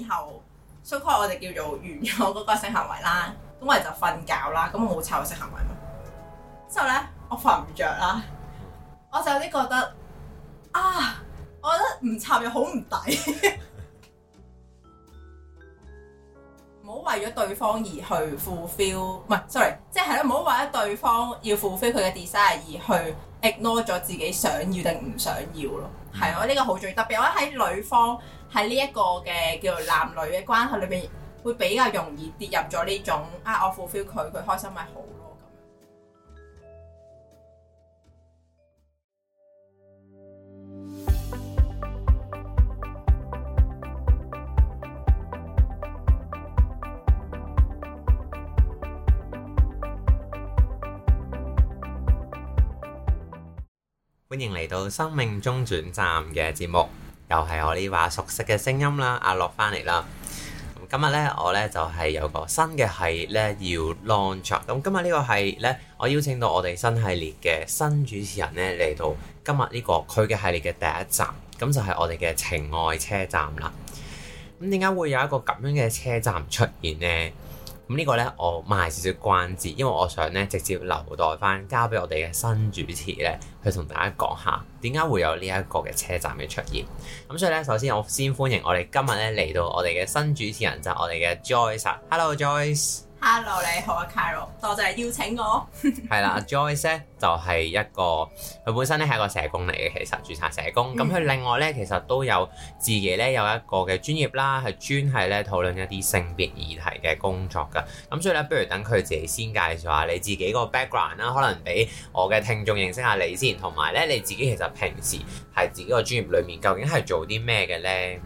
然後 so-called 我哋叫做完咗嗰個性行為啦，咁我哋就瞓覺啦，咁我冇插嘅性行為嘛。之後咧，我瞓唔着啦，我就有啲覺得啊，我覺得唔插又好唔抵。唔 好 為咗對方而去 fulfill，唔係，sorry，即係咧，唔好為咗對方要 fulfill 佢嘅 desire 而去 ignore 咗自己想要定唔想要咯。係，我呢個好重要，特別我喺女方喺呢一個嘅叫做男女嘅關係裏面，會比較容易跌入咗呢種啊，我 fulfil 佢，佢開心咪好。歡迎嚟到生命中轉站嘅節目，又係我呢把熟悉嘅聲音啦。阿樂翻嚟啦，今日呢，我呢就係、是、有個新嘅系列呢，呢要 launch。咁今日呢個系列呢，我邀請到我哋新系列嘅新主持人呢，嚟到今日呢個佢嘅系列嘅第一站。咁就係我哋嘅情愛車站啦。咁點解會有一個咁樣嘅車站出現呢？咁呢個呢，我賣少少關節，因為我想呢直接留待翻交俾我哋嘅新主持呢，去同大家講下點解會有呢一個嘅車站嘅出現。咁所以呢，首先我先歡迎我哋今日呢嚟到我哋嘅新主持人就係我哋嘅 Joyce。Hello，Joyce。Hello，你好啊 Carol 多謝邀請我。 係啦，Joyce 咧就係一個，佢本身咧係一個社工嚟嘅，其實注冊社工。咁佢、嗯、另外咧其實都有自己咧有一個嘅專業啦，係專係咧討論一啲性別議題嘅工作噶。咁所以咧，不如等佢自己先介紹下你自己個 background 啦，可能俾我嘅聽眾認識下你先，同埋咧你自己其實平時喺自己個專業裏面究竟係做啲咩嘅咧？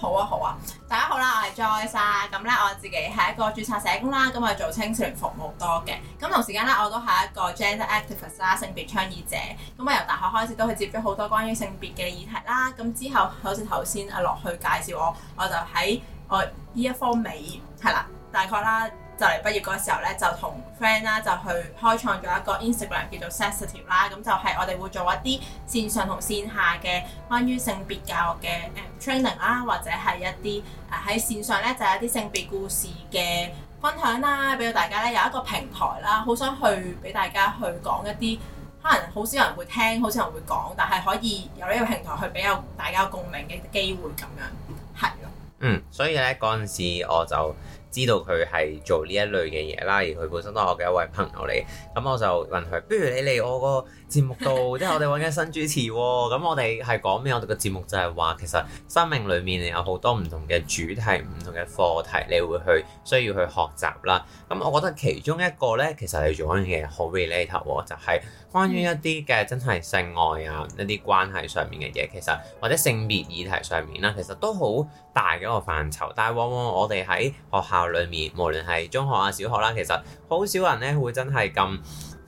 好啊好啊，大家好啦，我係 Joyce 啊咁、啊、咧我自己係一個註冊社工啦，咁、啊、我做青少年服務多嘅，咁、啊、同時間咧我都係一個 Gender Activist 啦、啊，性別倡議者，咁、啊、我、啊、由大學開始都去接咗好多關於性別嘅議題啦，咁、啊、之後好似頭先阿樂去介紹我，我就喺我呢一方面係啦，大概啦。就嚟畢業嗰時候咧，就同 friend 啦，就去開創咗一個 Instagram 叫做 Sextitude 啦，咁就係我哋會做一啲線上同線下嘅關於性別教育嘅 training 啦、啊，或者係一啲喺、啊、線上咧就係、是、一啲性別故事嘅分享啦，俾到大家咧有一個平台啦，好想去俾大家去講一啲可能好少人會聽，好少人會講，但係可以有呢個平台去俾有大家共鳴嘅機會咁樣，係咯。嗯，所以咧嗰陣時我就。知道佢係做呢一類嘅嘢啦，而佢本身都係我嘅一位朋友嚟，咁我就問佢：不如你嚟我個。節目度，即係我哋揾嘅新主持喎，哦。咁我哋係講咩？我哋個節目就係話，其實生命裏面有好多唔同嘅主題，唔同嘅課題，你會去需要去學習啦。咁我覺得其中一個呢，其實係做一樣嘢好 relatable，就係、是，關於一啲嘅真係性愛啊一啲關係上面嘅嘢，其實或者性別議題上面啦，啊，其實都好大嘅一個範疇。但係往往我哋喺學校裏面，無論係中學啊、小學啦，啊，其實好少人呢會真係咁。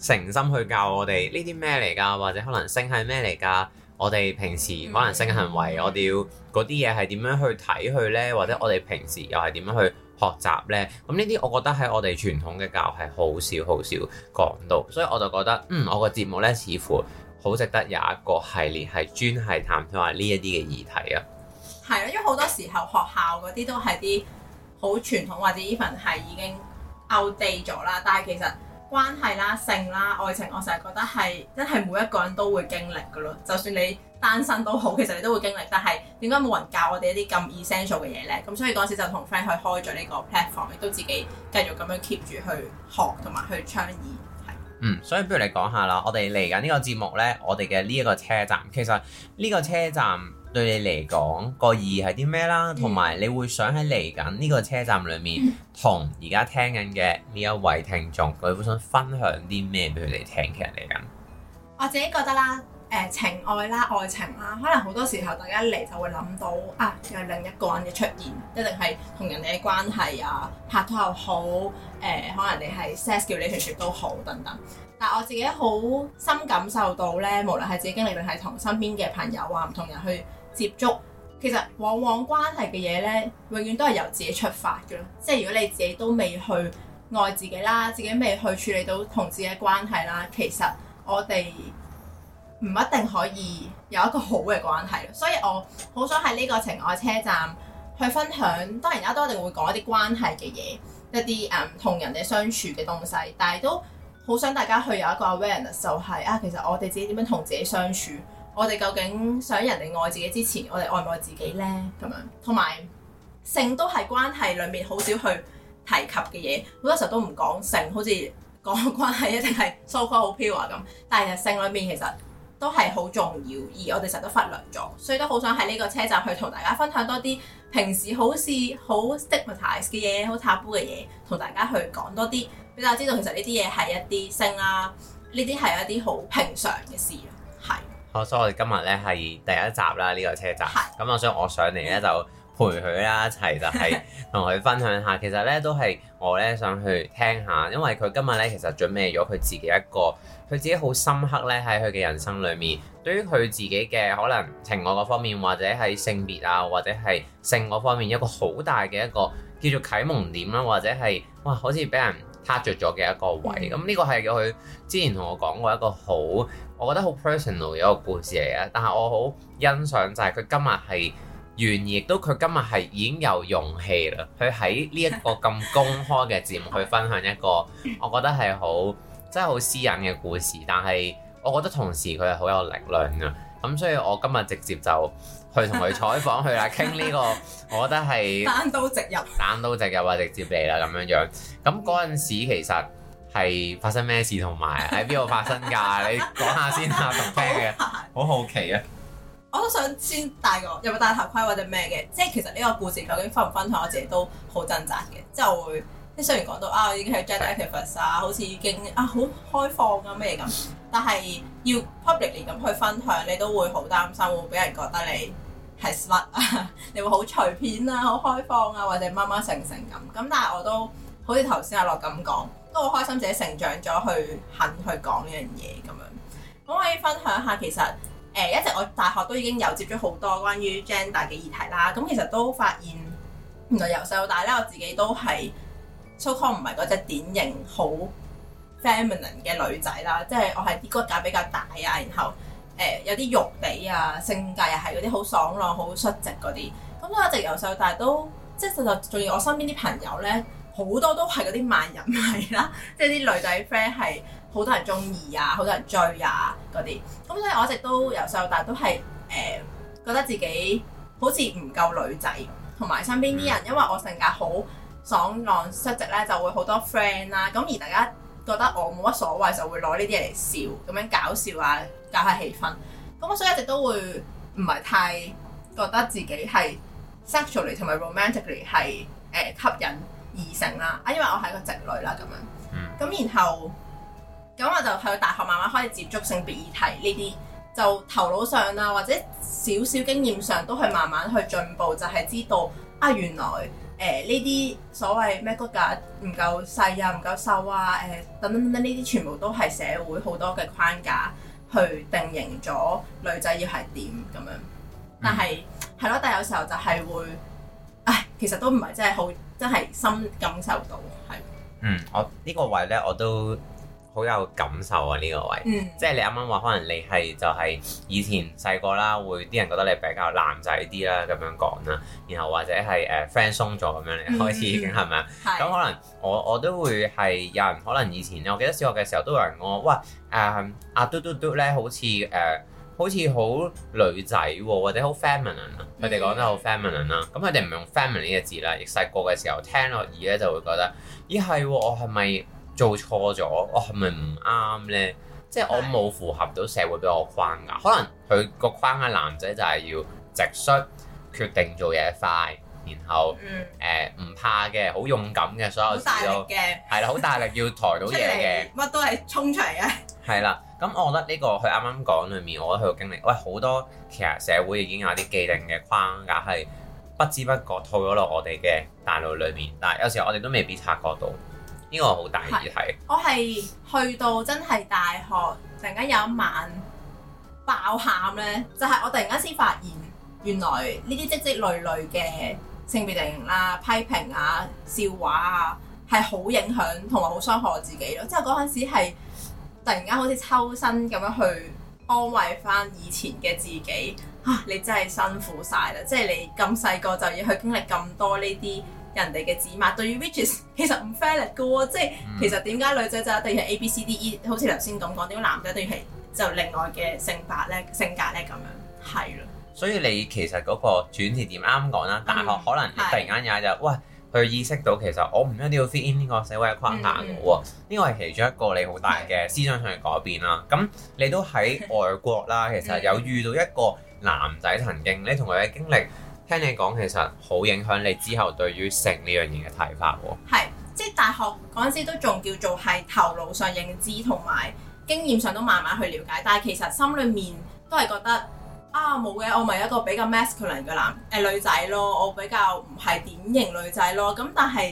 誠心去教我哋呢啲咩嚟㗎，或者可能性係咩嚟㗎？我哋平時可能性行為我，我哋要嗰啲嘢係點樣去睇佢呢？或者我哋平時又係點樣去學習呢？咁呢啲我覺得喺我哋傳統嘅教育係好少好少講到，所以我就覺得嗯，我個節目呢似乎好值得有一個系列係專係探討下呢一啲嘅議題啊。係啊，因為好多時候學校嗰啲都係啲好傳統或者 even 係已經 outdate 咗啦，但係其實。關係啦、性啦、愛情，我成日覺得係真係每一個人都會經歷嘅咯。就算你單身都好，其實你都會經歷。但係點解冇人教我哋一啲咁 essential 嘅嘢呢？咁所以嗰時就同 friend 去開咗呢個 platform，亦都自己繼續咁樣 keep 住去學同埋去倡議。嗯，所以不如你講下啦，我哋嚟緊呢個節目呢，我哋嘅呢一個車站其實呢個車站。對你嚟講，個意義係啲咩啦？同埋你會想喺嚟緊呢個車站裏面，同而家聽緊嘅呢一位聽眾，你會想分享啲咩俾佢哋聽？其實嚟緊，我自己覺得啦，誒、呃、情愛啦、愛情啦，可能好多時候大家一嚟就會諗到啊，有另一個人嘅出現，一定係同人哋嘅關係啊，拍拖又好，誒、呃、可能你係 set 叫你全全都好等等。但我自己好深感受到咧，無論係自己經歷定係同身邊嘅朋友啊、唔同人去。接觸其實往往關係嘅嘢咧，永遠都係由自己出發嘅咯。即係如果你自己都未去愛自己啦，自己未去處理到同自己嘅關係啦，其實我哋唔一定可以有一個好嘅關係。所以我好想喺呢個情愛車站去分享，當然而家都一定會講一啲關係嘅嘢，一啲誒同人哋相處嘅東西，但係都好想大家去有一個 awareness，就係，啊，其實我哋自己點樣同自己相處。我哋究竟想人哋愛自己之前，我哋愛唔愛自己呢？咁樣，同埋性都係關係裏面好少去提及嘅嘢，好多時候都唔講性，好似講關係一定係 so far 好 pure 咁。但係性裏面其實都係好重要，而我哋成日都忽略咗，所以都好想喺呢個車站去同大家分享多啲平時好似好 stigmatized 嘅嘢、好 taboo 嘅嘢，同大家去講多啲，俾大家知道其實呢啲嘢係一啲性啦，呢啲係一啲好平常嘅事。好，所以我哋今日咧係第一集啦，呢個車站，咁、嗯，我想我上嚟咧就陪佢啦一齊，就係同佢分享下。其實咧都係我咧想去聽下，因為佢今日咧其實準備咗佢自己一個，佢自己好深刻咧喺佢嘅人生裡面，對於佢自己嘅可能情愛嗰方面，或者係性別啊，或者係性嗰方面一個好大嘅一個叫做啟蒙點啦、啊，或者係哇好似俾人撻着咗嘅一個位。咁呢個係佢之前同我講過一個好，我覺得好 personal 嘅一個故事嚟嘅，但係我好欣賞就係佢今日係願意，亦都佢今日係已經有勇氣啦。佢喺呢一個咁公開嘅節目去分享一個我覺得係好真係好私隱嘅故事，但係我覺得同時佢係好有力量㗎。咁所以我今日直接就去同佢採訪佢啦，傾呢、 個我覺得係。單刀直入。單刀直入啊，直接嚟啦咁樣樣。咁嗰陣時其實。係發生咩事，同埋喺邊度發生噶？你講下先啊，同嘅，好好奇啊！我都想先戴個有冇戴頭盔或者咩嘅。即係其實呢個故事究竟分唔分享，我自己都好掙扎嘅。即係會即雖然講到啊，已經係 jet activist 啊，好似已經啊好開放啊咩咁，但係要 publicly 咁去分享，你都會好擔心會俾人覺得你係 slut 啊，你會好隨便啊，好開放啊，或者乜乜成成咁。咁但係我都好似頭先阿樂咁講。都好開心，自己成長咗，去肯去講呢樣嘢咁樣。咁可以分享下，其實誒一直我大學都已經有接咗好多關於 gender 嘅議題啦。咁其實都發現原來由細到大咧，我自己都係 so far 唔係嗰隻典型好 feminine 嘅女仔啦。即係我係啲骨架比較大啊，然後誒有啲肉地啊，性格又係嗰啲好爽朗、好率直嗰啲。咁我一直由細到大都，即係其實仲要我身邊啲朋友咧。好多都係嗰啲萬人迷啦，即係啲女仔 friend 係好多人鍾意啊，好多人追啊嗰啲。咁所以我一直都由細到大都係誒、呃、覺得自己好似唔夠女仔，同埋身邊啲人，因為我性格好爽朗率直咧，就會好多 friend 啦。咁而大家覺得我冇乜所謂，就會攞呢啲嘢嚟笑，咁樣搞笑啊，搞下氣氛。咁所以一直都會唔係太覺得自己係 sexually 同埋 romantically 係誒吸引異性啦啊，因為我係個直女啦，咁樣咁，嗯、然後咁我就去大學，慢慢開始接觸性別議題呢啲，就頭腦上啦，或者少少經驗上都係慢慢去進步，就係、是、知道啊，原來誒呢啲所謂咩骨架唔夠細啊，唔夠瘦啊，誒、呃、等等等等呢啲，全部都係社會好多嘅框架去定型咗女仔要係點咁樣，但係係咯，嗯、但係有時候就係會唉，其實都唔係真係好。真係深感受到，係嗯，我呢個位咧，我都好有感受啊。呢個位，嗯，即係你啱啱話，可能你係就係以前細個啦，會啲人覺得你比較男仔啲啦，咁樣講啦，然後或者係誒、uh, friend 鬆咗咁樣，你開始已經係咪啊？咁可能我我都會係有人可能以前，我記得小學嘅時候都有人話哇誒阿嘟嘟嘟咧，好似誒。Uh, uh, dude dude like, uh, 好似好女仔喎、哦，或者好 feminine 啊、嗯，佢哋講得好 feminine 啦、嗯。咁佢哋唔用 feminine 呢個字啦。細個嘅時候聽落耳咧，就會覺得咦係、欸啊，我係咪做錯咗？我係咪唔啱呢？即係是我冇符合到社會俾我框㗎。可能佢個框嘅男仔就係要直率，決定做嘢快。然後誒唔、嗯呃、怕嘅，好勇敢嘅所有事都係啦，好大，大力要抬到嘢嘅，乜都係衝出嚟嘅。係啦，咁我覺得呢、這個佢啱啱講裏面，我覺得佢經歷喂好多，其實社會已經有啲既定嘅框架，係不知不覺套咗落我哋嘅大腦裏面，但係有時候我哋都未必察覺到。呢、這個好大議題。我係去到真係大學，突然間有一晚爆喊咧，就係、是、我突然間先發現，原來呢啲積積累累嘅。性別定型啦、批評啊、笑話啊，係好影響同埋好傷害我自己咯。即係嗰陣時係突然間好似抽身咁樣去安慰翻以前嘅自己，啊，你真係辛苦晒啦！即係你咁細個就要去經歷咁多呢啲人哋嘅指罵，對於 witches 其實唔 fair 嘅喎。即係、嗯、其實點解女仔就一定係 A B C D E，好似頭先咁講，點解男仔對係就另外嘅性格咧、性格咧咁樣係啦。所以你其實嗰個轉折點啱講啦，大學可能你突然間有一日就、嗯、喂，佢意識到其實我唔一定要 fit 喺呢個社會嘅框架嘅喎，呢個係其中一個你好大嘅思想上嘅改變啦。咁、嗯、你都喺外國啦，嗯、其實有遇到一個男仔，曾經你同佢嘅經歷，嗯、聽你講其實好影響你之後對於性呢樣嘢嘅睇法喎。係，即、就、係、是、大學嗰陣時都仲叫做係頭腦上認知同埋經驗上都慢慢去了解，但係其實心裡面都係覺得。啊冇嘅，我咪一個比較 masculine 嘅男誒、呃、女仔咯，我比較唔係典型女仔咯，咁但係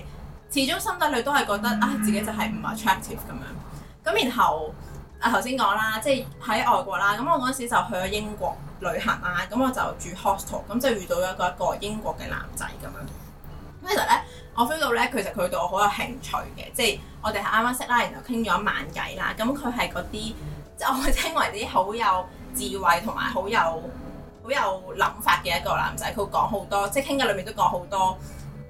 始終心底裏都係覺得啊自己就係唔 attractive 咁樣，咁然後啊頭先講啦，即係喺外國啦，咁我嗰陣時就去咗英國旅行啦，咁我就住 hostel，咁就遇到一個一個英國嘅男仔咁樣，咁其實咧我 feel 到咧，其實佢對我好有興趣嘅，即係我哋係啱啱識啦，然後傾咗一晚偈啦，咁佢係嗰啲即係我稱為啲好有智慧同埋好有好有諗法嘅一個男仔，佢會講好多，即係傾偈裏面都講好多誒、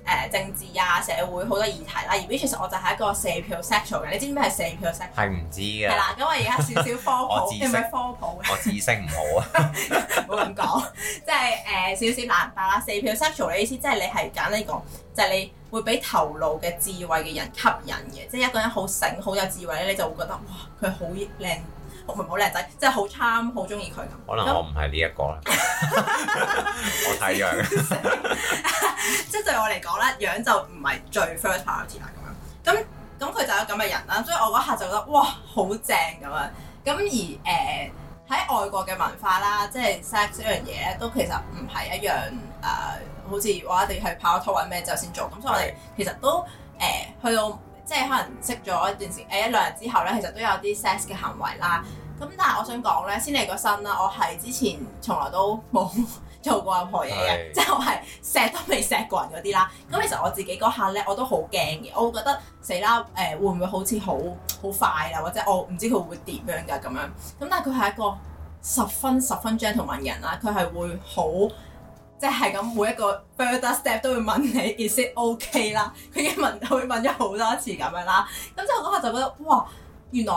呃、政治啊、社會好、啊、多議題啦。而其實我就係一個 sapiosexual 嘅，你知唔知咩係 sapiosexual？係唔知嘅。係啦，咁我而家少，少少科普，係咪 信科普我知識唔好啊，唔好咁講。即係誒、呃、少少難白，八八 sapiosexual 嘅意思，即係你係揀呢個，就係、是、你會俾頭腦嘅智慧嘅人吸引嘅，即係一個人好醒、好有智慧咧，你就會覺得哇，佢好靚。唔好靚仔，即係好 charm 好中意佢。可能我唔係呢一個啦，我睇樣。即係對我嚟講咧，樣就唔係最 first priority 啦咁樣。咁咁佢就有咁嘅人啦，所以我嗰下就覺得哇，好正咁樣。咁而誒喺、呃、外國嘅文化啦，即係 sex 呢樣嘢都其實唔係一樣誒、呃，好似我一定係拍拖揾咩就先做。咁的、嗯、所以我哋其實都誒、呃、去到。即係可能識咗一段時，誒一兩日之後咧，其實都有啲 sex 嘅行為啦。咁但係我想講咧，先嚟個身啦，我係之前從來都冇做過任何嘢嘅，即係我係錫都未錫過人嗰啲啦。咁其實我自己嗰刻咧，我都好驚嘅，我會覺得死啦誒，會唔會好似好好快啊？或者我唔知佢會點樣㗎咁樣。咁但係佢係一個十分十分 gentleman 人啦，佢係會好。即係咁，每一個 first step 都會問你，is it o k 啦？佢已經問，佢問咗好多次咁樣啦。咁之後嗰刻就覺得，哇！原來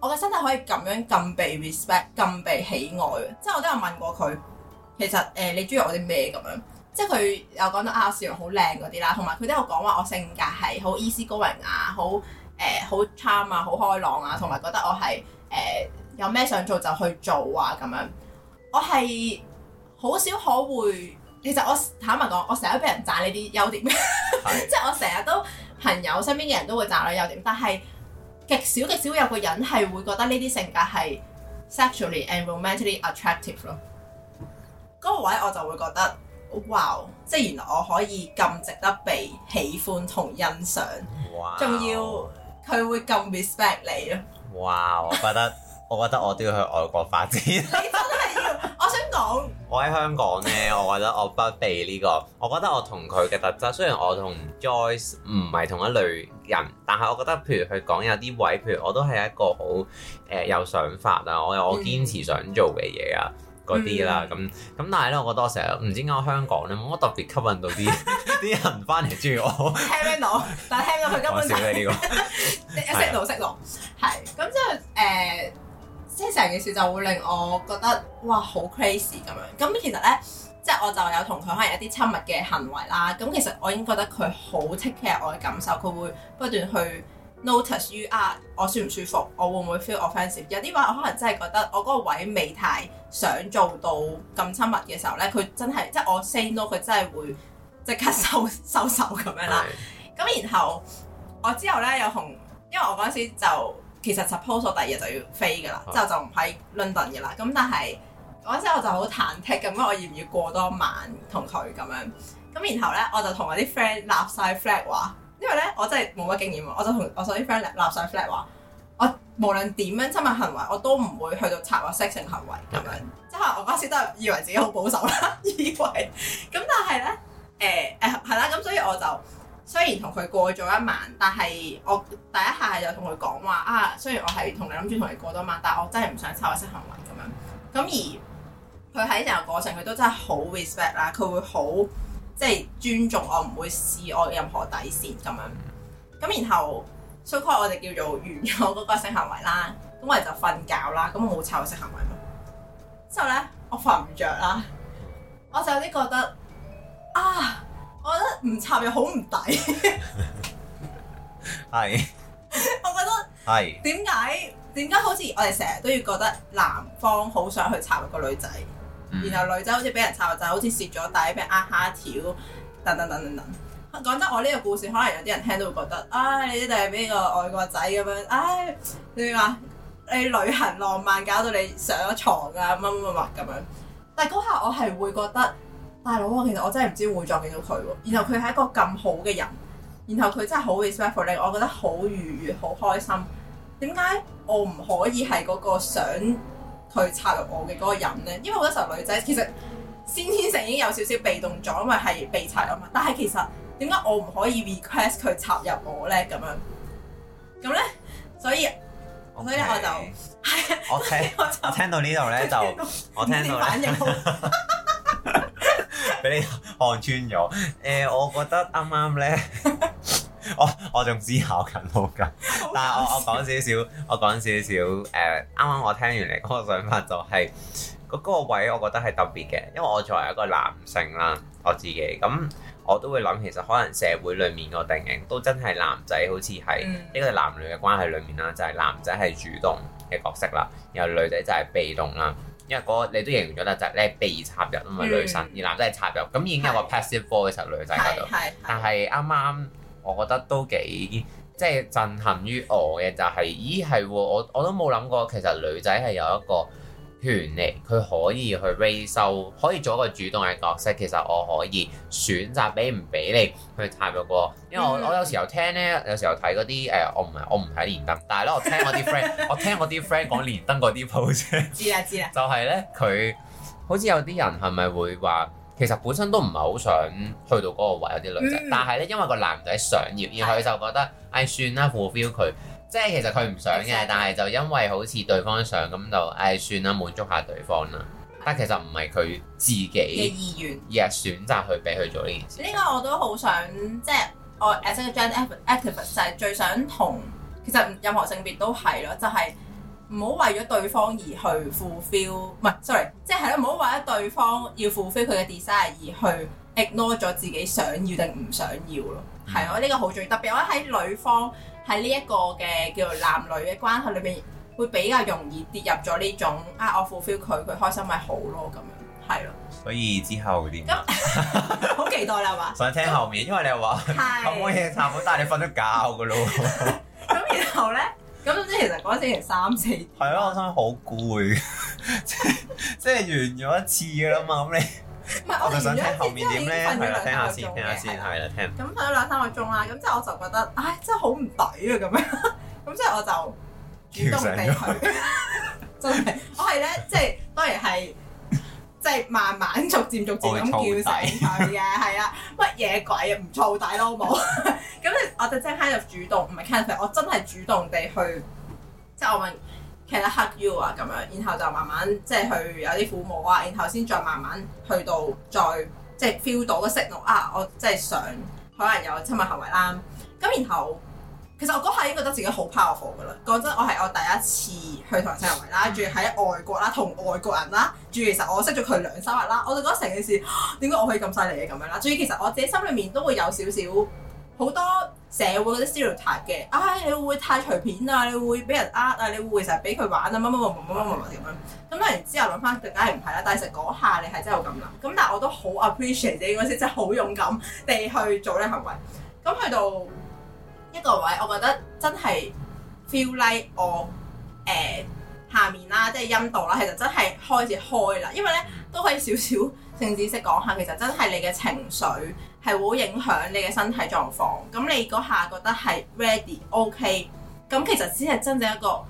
我嘅身體可以咁樣咁被 respect、咁被喜愛，即係我都有問過佢，其實誒、呃，你中意我啲咩咁樣？即係佢又講到啊，笑容好靚嗰啲啦，同埋佢都有講話我性格係好 e a s 意思高人啊，好、呃、誒，好 charm 啊，好開朗啊，同埋覺得我係誒、呃、有咩想做就去做啊咁樣。我係。好少可會，其實我坦白講，我成日都俾人讚呢啲優點是 即係我成日都朋友身邊嘅人都會讚我啲優點，但係極少極少有個人係會覺得呢啲性格係 sexually and romantically attractive 咯。嗰哇個位我就會覺得，哇！即係原來我可以咁值得被喜歡同欣賞，仲要佢會咁 respect 你啊！哇！我覺得。 我覺得我都要去外國發展。你真係要，我想講。我喺香港呢，我覺得我不避呢個。我覺得我同佢嘅特質，雖然我同 Joyce 唔係同一類人，但係我覺得，譬如佢講有啲位，譬如我都係一個好誒有想法啊，我有我堅持想做嘅嘢啊嗰啲啦，咁咁。但係呢，我覺得成日唔知點解香港呢，冇乜特別吸引到啲啲人翻嚟鍾意我，聽聽到？但係聽到佢根本就係呢個，識路識路，係咁即係誒。即係成件事就會令我覺得哇好 crazy 咁樣，咁其實呢，即係我就有同佢可能有啲親密嘅行為啦。咁其實我已經覺得佢好 take care 我嘅感受，佢會不斷去 notice you are 我舒唔舒服，我會唔會 feel offensive。有啲話我可能真係覺得我嗰個位未太想做到咁親密嘅時候呢，佢真係即係我 say no，佢真係會即刻收、嗯、收手咁樣啦。咁、嗯、然後我之後呢，有同，因為我嗰陣時就。其實 suppose 第二日就要飛㗎啦，之後就唔喺 London 㗎啦。咁但係我嗰陣我就好忐忑咁，我要唔要過多晚同佢咁樣？咁然後咧，我就同我啲 friend 立晒 flag 話，因為咧我真係冇乜經驗，我就同我所有啲 friend 立晒 flag 話，我無論點樣親密行為，我都唔會去到插或性行為咁樣。啊、即係我嗰陣都係以為自己好保守啦， 以為。咁但係咧，誒誒係啦，咁、欸、所以我就。雖然同佢過咗一晚，但係我第一下就同佢講話啊。雖然我係同你諗住同你過多晚，但係我真係唔想抽我性行為咁樣。咁而佢喺成個過程，佢都真係好 respect 啦。佢會好即係尊重我，唔會試我任何底線咁樣。咁然後，so call 我哋叫做完咗嗰個性行為啦。咁我哋就瞓覺啦。咁我冇抽我性行為。之後咧，我瞓唔着啦。我就有啲覺得啊～我覺得唔插又好唔抵，係，我覺得係，點解點解好似我哋成日都要覺得男方好想去插個女仔，然後女仔好似俾人插個仔，好似蝕咗底俾蝦條，等等等等等，等。講得我呢個故事，可能有啲人聽都會覺得，唉、哎，你一定係俾個外國仔咁樣，唉、哎，你話你旅行浪漫搞到你上咗床啊，乜乜乜咁樣。但嗰下我係會覺得。大佬啊，其實我真係唔知會撞見到佢喎。然後佢係一個咁好嘅人，然後佢真係好 respectful，令我覺得好愉悅、好開心。點解我唔可以係嗰個想佢插入我嘅嗰個人咧？因為好多時候女仔其實先天性已經有少少被動咗，因為係被插入啊嘛。但係其實點解我唔可以 request 佢插入我咧？咁樣咁咧，所以所以我就係啊，我聽到呢度咧就我聽到啦。俾你看穿咗，誒、呃，我覺得啱啱咧，我我仲思考緊好緊，但係我我講少少，我講少少，誒，啱、呃、啱我聽完嚟嗰個想法就係、是、嗰、那個位，我覺得係特別嘅，因為我作為一個男性啦，我自己，咁我都會諗，其實可能社會裏面個定型都真係男仔好似係呢個男女嘅關係裏面啦，就係、是、男仔係主動嘅角色啦，然後女仔就係被動啦。因為嗰你都形容咗啦，就係、是、你係被插入啊嘛，嗯、女神而男仔係插入，咁已經有個 passive voice 喺是女仔嗰度。但係啱啱我覺得都幾即係、就是、震撼於我嘅，就係、是、咦係喎，我我都冇諗過其實女仔係有一個。權力佢可以去 raise 可以做一個主動嘅角色。其實我可以選擇俾唔俾你去探嗰個，因為我有、嗯、我,我有時候聽呢，有時候睇嗰啲誒，我唔係我唔睇連登，但係咧我聽我啲 friend， 我聽我啲 friend 講連登嗰啲 po。知啊知啊， 就係呢。佢好似有啲人係咪會話，其實本身都唔係好想去到嗰個位有啲女仔，嗯、但係呢，因為個男仔想要，然後就覺得唉、 哎，算啦，fulfil 佢。即係其實佢唔想嘅，但係就因為好似對方想咁就，誒算啦，滿足下對方啦。但其實唔係佢自己嘅意願，而係選擇去俾佢做呢件事。呢個我都好想，即係我 as a gender activist 就係最想同，其實任何性別都係咯，就係唔好為咗對方而去 fulfill，唔係，sorry，即係係咯，唔好為咗對方要 fulfill 佢嘅 desire 而去。ignore 咗自己想要定唔想要咯。係咯，呢個好重要，特別我喺女方喺呢一個嘅叫做男女嘅關係裏面，會比較容易跌入咗呢種啊，我 feel 佢佢開心咪好咯咁樣，係咯、啊，所以之後嗰啲咁好期待啦嘛， 吧想聽後面，因為你又話可唔可以探款，但係你瞓咗覺噶咯，咁 然後咧，咁總之其實嗰陣時係三四，係啊，我心好攰，即係即係完咗一次噶啦嘛，咁你。 唔係，我完咗一次之後瞓咗兩三個鐘嘅，係啦，聽。咁瞓咗兩三個鐘啦，咁即係我就覺得，唉，真係好唔抵啊！咁樣，咁即係我就主動地去，醒 真係，我係咧，即係當然係，即係，慢慢逐漸逐漸咁 叫醒佢嘅，係啊，乜嘢鬼啊？唔燥底都冇。咁你 我就即刻就主動，唔係 cancel，我真係主動地去，即係我問。劈啦嚇 you 啊咁樣，然後就慢慢即係去有啲父母啊，然後先再慢慢去到再即係 feel 到個 signal 啊，我即係想可能有親密行為啦。咁然後其實我嗰下已經覺得自己好 powerful 噶啦，講真，我係我第一次去同人親密行為啦，仲要喺外國啦，同外國人啦，仲要其實我識咗佢兩週日啦，我就覺得成件事點解、啊、我可以咁犀利嘅咁樣啦？仲要其實我自己心裏面都會有少少。好多社會嗰啲 cultural 嘅，唉、哎，你會太隨便啊，你會俾人呃啊，你會成日俾佢玩啊，乜乜乜乜乜乜乜咁樣。咁當然之後諗翻，就梗係唔係啦。但係其實嗰下你係真係咁諗。咁但係我都好 appreciate 你嗰時真係好勇敢地去做呢行為。咁去到一個位，我覺得真係 feel like 我誒、呃、下面啦，即係陰道啦，其實真係開始開啦。因為咧都可以少少靜止式講下，其實真係你嘅情緒。係會影響你嘅身體狀況，咁你嗰下覺得係 ready，OK，okay，咁其實先係真正一個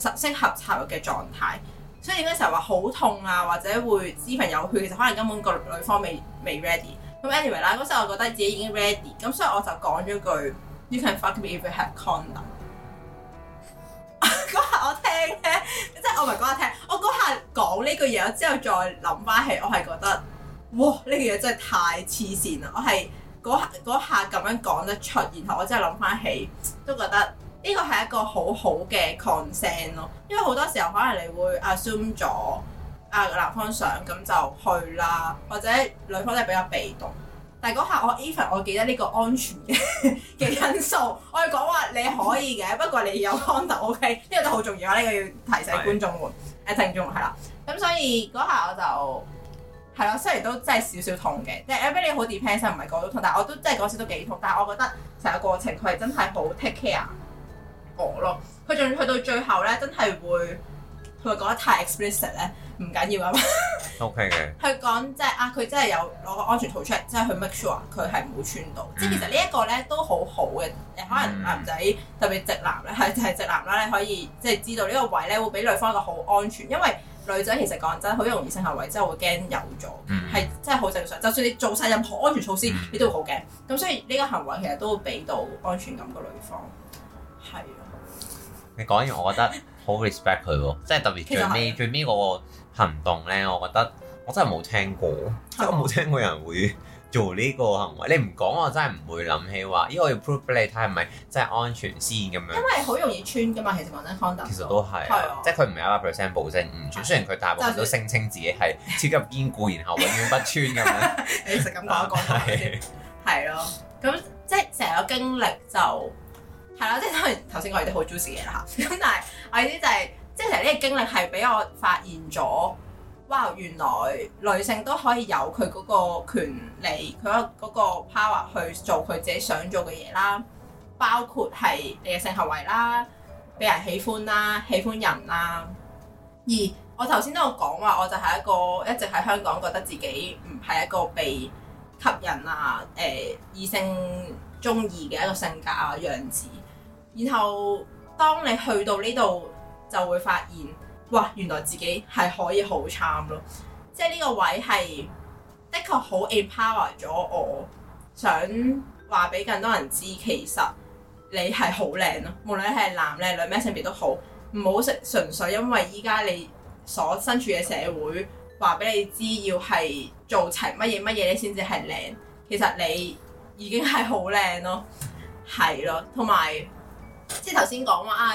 實合適合插入嘅狀態。所以有啲時候話好痛啊，或者會私朋友血，其實可能根本個女方未未 ready。咁 anyway 啦，嗰陣我覺得自己已經 ready，咁所以我就講咗句 You can fuck me if you have condom。嗰 下 我聽咧，即係我咪係嗰日聽，我嗰下講呢句嘢之後再諗翻起，我係覺得。哇！呢樣嘢真係太黐線啦！我係嗰下咁樣講得出，然後我真係諗翻起，都覺得呢個係一個好好嘅 consent 咯。因為好多時候可能你會 assume 咗啊男方想咁就去啦，或者女方都係比較被動。但係嗰下我 even 我記得呢個安全嘅嘅 因素，我哋講話你可以嘅，不過你有 condom OK 呢個都好重要啊！呢、呢個要提醒觀眾們、誒聽眾係啦。咁、啊、所以嗰下我就。係咯，雖然都真係少少痛嘅，即係 everybody 好 depends，係唔係個個都痛，但係我都真係嗰時都幾痛。但係我覺得成個過程佢係真係好 take care 我咯，佢仲去到最後咧，真係會佢講得太 explicit 咧，唔緊要啊。OK 嘅，佢講即係啊，佢真係有攞個安全套出嚟，即係佢 make sure 佢係冇穿到。嗯、即係其實呢一個咧都好好嘅，可能男仔特別直男咧、嗯，就係、係、直男啦，你可以即係知道呢個位咧會俾女方一個好安全，因為。女仔其實講真，好容易性行為、嗯、真係會驚有咗，係真係好正常。就算你做晒任何安全措施，嗯、你都會好驚。咁所以呢個行為其實都會俾到安全感個女方。係。你講完我覺得好 respect 佢喎，即係 特別最尾最尾嗰個行動呢，我覺得我真係冇聽過，我冇聽過有人會的。 做呢個行為，你唔講我真係唔會諗起話，咦？我要 prove 俾你睇係咪真係安全先咁樣。因為好容易穿噶嘛，其實講真，condom。其實都係、啊。係喏。即係佢唔係一百 percent 保證唔穿，的雖然佢大部分、就是、都聲稱自己係超級堅固，然後永遠不穿咁樣。 你成日咁講講先。係咯，咁的即係成個經歷就係啦，即係當然頭先我哋都好 juicy 嘅嚇，咁但係我意思就係、是，即係成日呢個經歷係俾我發現咗。哇！原來女性都可以有佢嗰個權利，佢嗰個 power 去做佢自己想做嘅嘢啦，包括係你嘅性行為啦，俾人喜歡啦，喜歡人啦。而我頭先都有講話，我就係一個一直喺香港覺得自己唔係一個被吸引啊，誒、呃、異性鍾意嘅一個性格啊樣子。然後當你去到呢度就會發現。哇！原來自己係可以好慘咯，即係呢個位係的確好 empower 咗我，想話俾更多人知，其實你係好靚咯，無論係男靚女咩性別都好，唔好食純粹因為依家你所身處嘅社會話俾你知要係做齊乜嘢乜嘢你先至係靚，其實你已經係好靚咯，係咯，同埋即係頭先講話啊。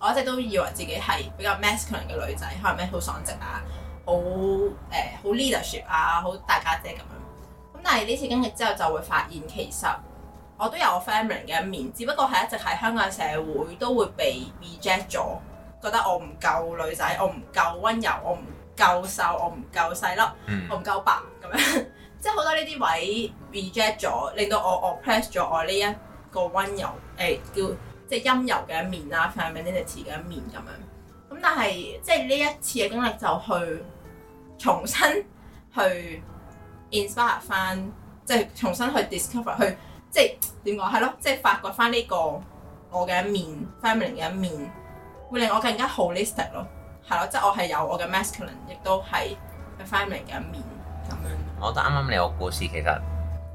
我一直都以為自己係比較 masculine 嘅女仔，可能咩好爽直啊，好誒、欸、好 leadership 啊，好大家姐咁樣。咁但係呢次經歷之後就會發現，其實我都有我 feminine 嘅一面，只不過係一直喺香港社會都會被 reject 咗，覺得我唔夠女仔，我唔夠温柔，我唔夠瘦，我唔夠細粒，我唔夠白咁樣。 即係好多呢啲位 reject 咗，令到我 oppress 咗我呢一個温柔誒、欸、叫。即係陰柔嘅一面啦，femininity 嘅一面咁樣。咁但係即係呢一次嘅經歷就去重新去 inspire 翻，即係重新去 discover 去，即係點講係咯？即係發掘翻呢個我嘅一面，feminine 嘅一面，會令我更加 holistic 咯。係咯，即係我係有我嘅 masculine，亦都係 feminine 嘅一面咁樣。我覺得啱啱你個故事其實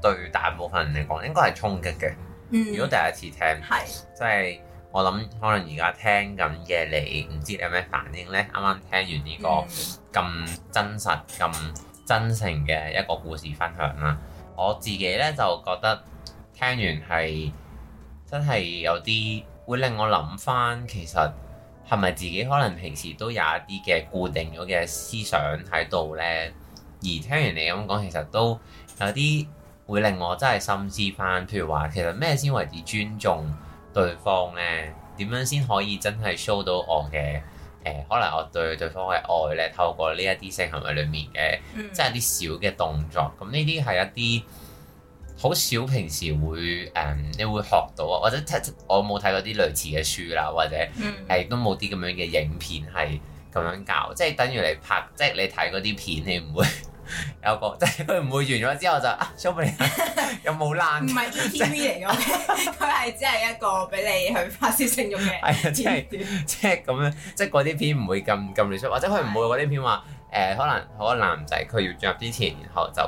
對大部分人嚟講應該係衝擊嘅。如果第一次聽，嗯、即係我諗，可能而家聽緊嘅你，唔知你有咩反應呢？啱啱聽完呢個咁真實、咁、嗯、真誠嘅一個故事分享啦，我自己呢，就覺得聽完係真係有啲會令我諗翻，其實係咪自己可能平時都有一啲嘅固定咗嘅思想喺度呢？而聽完你咁講，其實都有啲。會令我真係深思翻，譬如話，其實咩先為止尊重對方呢？點樣先可以真係 show 到我嘅誒、呃，可能我對對方嘅愛呢，透過呢一啲性行為裡面嘅，即係啲小嘅動作。咁呢啲係一啲好少平時會誒、呃，你會學到啊，或者我冇睇過啲類似嘅書啦，或者係都冇啲咁樣嘅影片係咁樣教，即係等於你拍，即係你睇嗰啲片，你唔會。 有個即係佢唔會完咗之後就啊，show 俾你有冇爛？唔係 E.T.V 嚟嘅，佢係只係一個俾你去發泄性慾嘅。係啊，即係即係咁樣，即係嗰啲片唔會咁咁嚴肅，或者佢唔會嗰啲片話誒，可能嗰個男仔佢要進入之前，然後就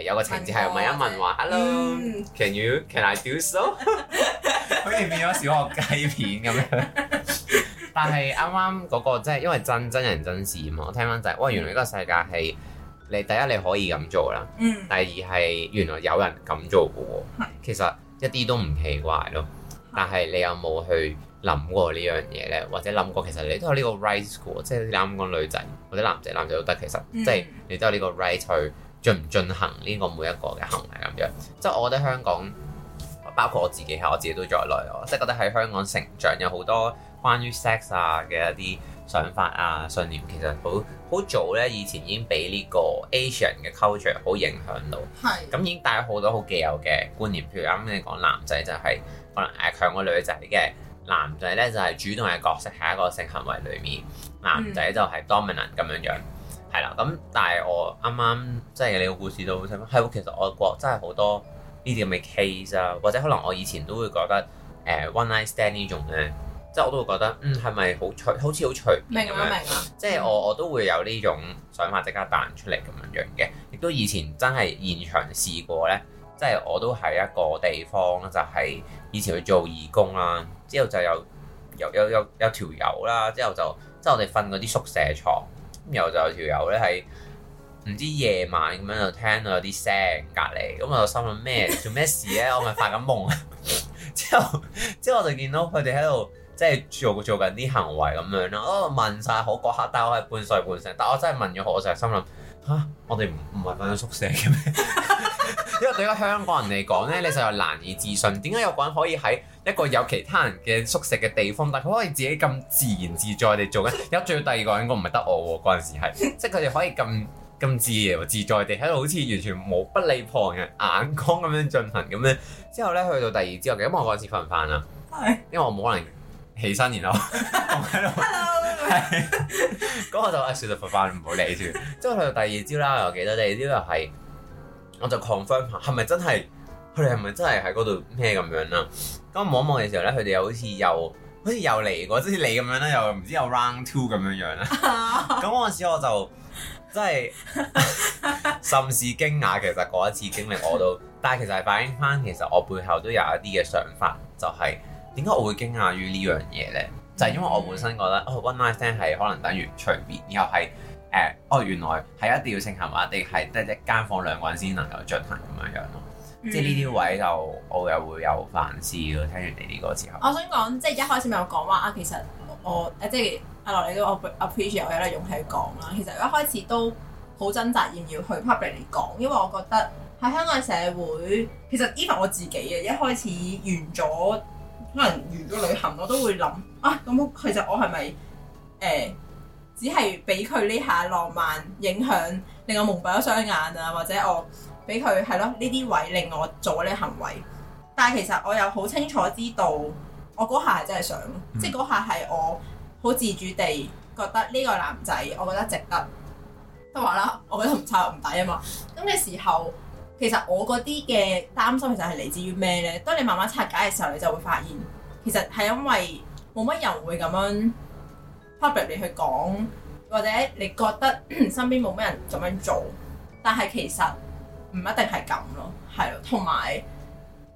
誒有個情節係問一問話，Hello，Can you Can I do so？好似變咗小學雞片咁樣。但係啱啱嗰個即係因為真真人真事嘛，我聽翻就，哇，原來呢個世界係～你第一，你可以咁做啦，第二係原來有人咁做嘅喎，其實一啲都唔奇怪咯。但係你有冇去諗過呢樣嘢呢？或者諗過其實你都有呢個 right，即係啱啱講女仔或者男仔，男仔都得，其實即係你都有呢個 right 去進唔進行呢個每一個嘅行為咁樣。即係我覺得香港包括我自己嚇，我自己都在內，我即係覺得喺香港成長有好多關於 sex 啊嘅一啲。想法啊，信念其實好好早咧，以前已經俾呢個 Asian 嘅 culture 好影響到。係咁是、嗯嗯、已經帶好多好既有嘅觀念，譬如啱啱你講男仔就係可能誒強過女仔嘅，男仔咧就係主動嘅角色喺一個性行為裏面，男仔就係 dominant 咁樣樣，係、嗯、啦。咁、嗯、但係我啱啱即係你個故事都好深刻，係其實外國真係好多呢啲咁嘅 case 啊，或者可能我以前都會覺得誒、呃、one night stand 呢種咧。即係我都會覺得，嗯，係咪好隨，好似好隨便咁樣？明啊，明啊！即係我，我都會有呢種想法，即刻彈出嚟咁樣樣嘅。亦都以前真係現場試過呢，即係我都喺一個地方就係、是、以前去做義工啦。之後就有有有有條友啦，之後就即係我哋瞓嗰啲宿舍床，然後就有條友呢，喺唔知夜晚咁樣就聽到有啲聲隔離，咁我就心諗咩做咩事呢？我咪發緊夢。之後之後我就見到佢哋喺度。即係做做緊啲行為咁樣啦。我、哦、問晒好嗰刻，但我係半睡半醒，但我真係問咗。我成日心諗嚇，我哋唔唔係瞓喺宿舍嘅咩？ 因為對於香港人嚟講咧，你就又難以置信，點解有個人可以喺一個有其他人嘅宿舍嘅地方，但佢可以自己咁自然自在地做咧？因最第二個人應該唔係得我喎、啊。嗰陣時係即係佢哋可以咁咁自由自在地喺度，好似完全冇不理旁人眼光咁樣進行咁咧。之後咧去到第二之朝嘅因咁，那我嗰時瞓唔瞓啊？Hi. 因為我冇可能。起身，然後，係， 咁我就算啦，放翻唔好理住。之後去到第二朝啦，又記得第二朝又係，我就 confirm 係咪真係佢哋係咪真係喺嗰度咩咁樣啦？咁望望嘅時候咧，佢哋又好似又好似又嚟過，即似你咁樣咧，又唔知又 round two 咁樣樣啦。咁嗰陣時我就真係 甚是驚訝。其實嗰一次經歷我都，但係其實係反映翻，其實我背後都有一啲嘅想法，就係、是。點解我會驚訝於呢樣嘢呢？就係、是、因為我本身覺得 one night stand 係可能等於隨便，然後係誒、呃、哦，原來係一定要性行為，定係得一間房兩個人先能夠進行咁樣樣咯。嗯、即係呢啲位就我又會有反思咯。聽完你呢個時候，我想講即係一開始咪有講話啊，其實我即係阿羅你都 app 我 appreciate 有呢個勇氣講啦。其實一開始都好掙扎，要唔要去 public 嚟講，因為我覺得喺香港社會，其實 even 我自己嘅一開始完咗。可能如果旅行我都會諗啊，咁其實我係咪誒只係俾佢呢下浪漫影響令我蒙蔽咗雙眼啊，或者我俾佢係咯呢啲位令我做呢行為？但係其實我又好清楚知道我嗰下係真係想，嗯，即係嗰下係我好自主地覺得呢個男仔我覺得值得，都話啦，我覺得唔差唔抵啊嘛。咁嘅時候。其實我嗰啲嘅擔心其實係嚟自於咩咧？當你慢慢拆解嘅時候，你就會發現其實係因為冇乜人會咁樣 publicly 去講，或者你覺得身邊冇乜人咁樣做，但係其實唔一定係咁咯，係咯。同埋，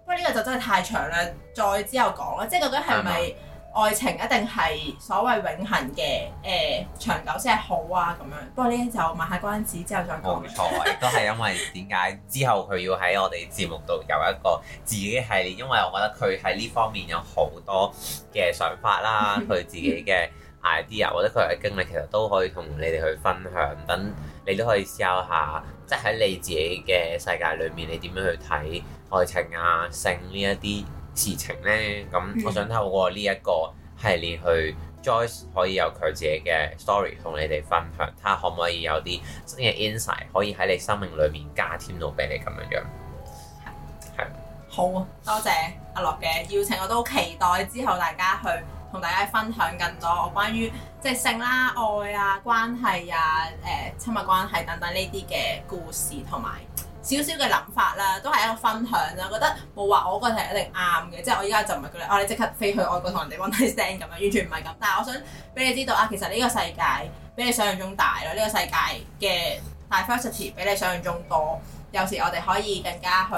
不過，呢個就真係太長啦，再之後講啦，即係究竟係咪？愛情一定係所謂永恆嘅誒、呃、長久先係好啊，咁樣。不過呢，就賣下關子之後再講。冇錯，亦都係因為點解之後佢要喺我哋節目度有一個自己系列，因為我覺得佢喺呢方面有好多嘅想法啦，佢 自己嘅 idea 或者佢嘅經歷，其實都可以同你哋去分享。等你都可以思考下，即係喺你自己嘅世界裏面，你點樣去睇愛情啊、性呢一啲？事情呢，咁我想透過呢一個系列去 Joyce 可以有佢自己嘅 story 同你哋分享，睇下可唔可以有啲新嘅 insight 可以喺你生命裏面加添到俾你咁樣樣？是是好啊，多謝阿樂嘅邀請，我都期待之後大家去同大家分享更多我關於即係性啦、愛啊、關係啊、誒親密關係等等呢啲嘅故事同埋。少少嘅諗法啦，都係一個分享啦。覺得冇話我嗰個係一定啱嘅，即係我依家就唔係叫你，我你即刻飛去外國同人哋講低聲咁樣，完全唔係咁。但係我想俾你知道啊，其實呢個世界比你想象中大咯。呢個世界嘅大 factors 比你想象中多。有時我哋可以更加去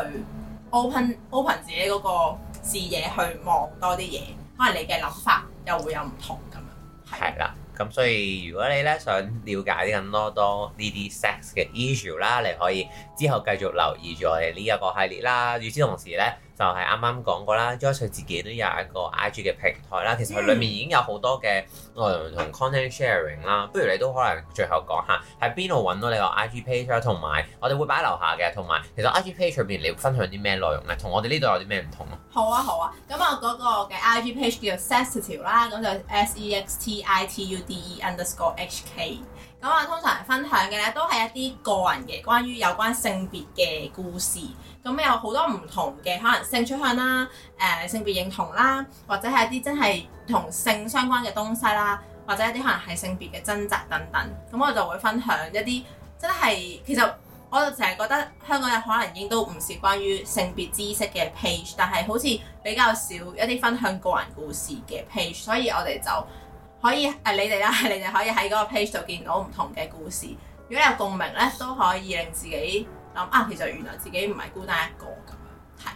open open 自己嗰個視野去望多啲嘢，可能你嘅諗法又會有唔同咁樣。係啦，咁所以如果你咧想了解更多多呢啲 sex 嘅 issue 啦，你可以。之後繼續留意咗我哋呢一個系列啦。與此同時咧，就係啱啱講過啦，Joyce 自己都有一個 IG 嘅平台啦。其實佢裡面已經有好多嘅內容同 content sharing 啦。不如你都可能最後講下，喺邊度揾到你個 IG page 啦，啊？同埋我哋會擺喺樓下嘅。同埋其實 IG page 入面，你會分享啲咩內容咧？我同我哋呢度有啲咩唔同啊？好啊，好啊。咁啊，嗰個嘅 IG page 叫做 Sextitude 啦，咁就 S E X T I T U D E Underscore H K。咁啊，我通常分享嘅咧都係一啲個人嘅關於有關性別嘅故事，咁有好多唔同嘅可能性取向啦，誒、呃、性別認同啦，或者係一啲真係同性相關嘅東西啦，或者一啲可能係性別嘅掙扎等等，咁我就會分享一啲真係其實我就成日覺得香港人可能已經都唔係關於性別知識嘅 page，但係好似比較少一啲分享個人故事嘅 page，所以我哋就。可以誒、呃，你哋啦，你哋可以喺嗰個 page 度見到唔同嘅故事。如果你有共鳴咧，都可以令自己諗啊，其實原來自己唔係孤單一個咁樣，係。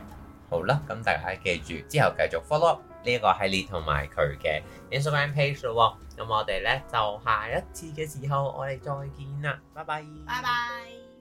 好啦，咁大家記住，之後繼續 follow 呢個系列同埋佢嘅 Instagram page 咯。咁我哋咧就下一次嘅時候，我哋再見啦，拜拜。拜拜。